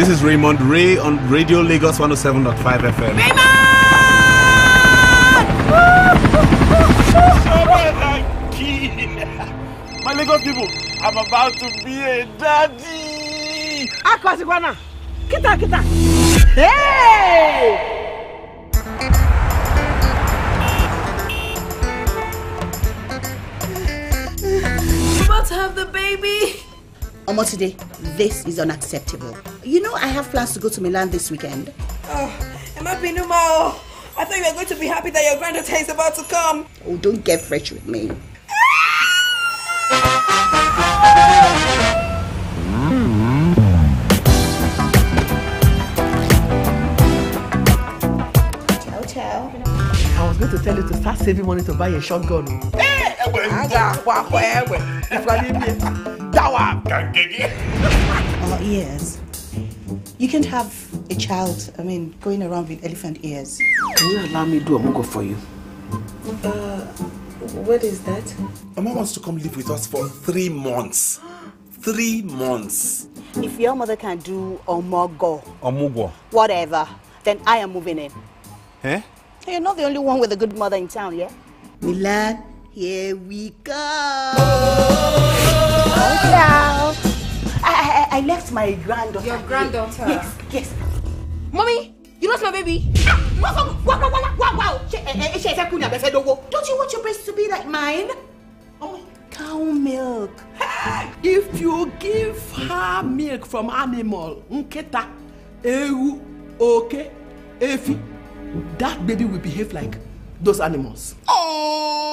This is Raymond Ray on Radio Lagos 107.5 FM. Raymond! My Lagos people, I'm about to be a daddy! Akwasikwana! Kita, kita! Hey! about to have the baby. Omo today, this is unacceptable. You know I have plans to go to Milan this weekend. Oh, am I being normal? I thought you were going to be happy that your granddaughter is about to come. Oh, don't get fresh with me. Ciao, ciao. I was going to tell you to start saving money to buy a shotgun. Hey, Dawa. yes. You can't have a child, I mean, going around with elephant ears. Can you allow me to do a mugo for you? Uh, what is that? Mama wants to come live with us for three months. Three months. If your mother can do omogo, omugo, whatever, then I am moving in. Eh? You're not the only one with a good mother in town, yeah? Milan, here we go. I left my granddaughter. Your granddaughter? Yes, yes. Mommy, you lost my baby. Wow, wow, wow, wow, wow, wow. Don't you want your breast to be like mine? Oh, cow milk. If you give her milk from animal, nketa, ewu, oke, efi, that baby will behave like those animals. Oh!